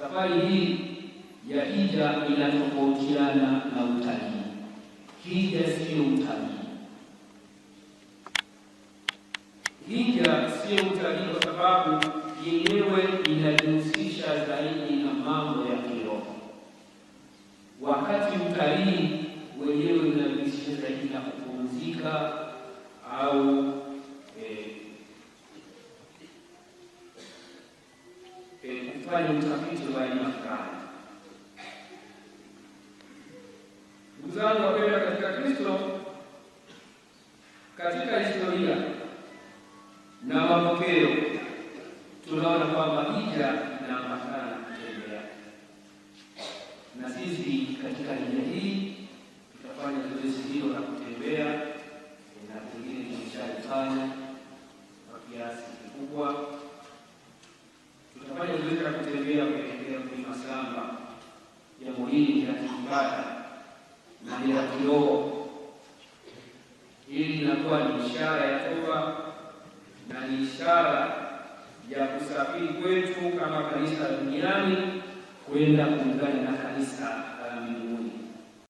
Safari hii ya hija inatofautiana na utalii. Hija siyo utalii, hija siyo utalii kwa sababu yenyewe inajihusisha zaidi na mambo ya kiroho, wakati utalii wenyewe kufanya utafiti wa aina fulani. Ndugu zangu wapendwa katika Kristo, katika historia na mapokeo tunaona kwamba hija inaambatana na kutembea, na sisi katika hija hii tutafanya zoezi hilo la kutembea, na pengine tumeshalifanya kwa kiasi kikubwa Jambo hili linakibada na bila kioo. Hili linakuwa ni ishara ya toba na ni ishara ya kusafiri kwetu kama kanisa duniani kwenda kuungana na kanisa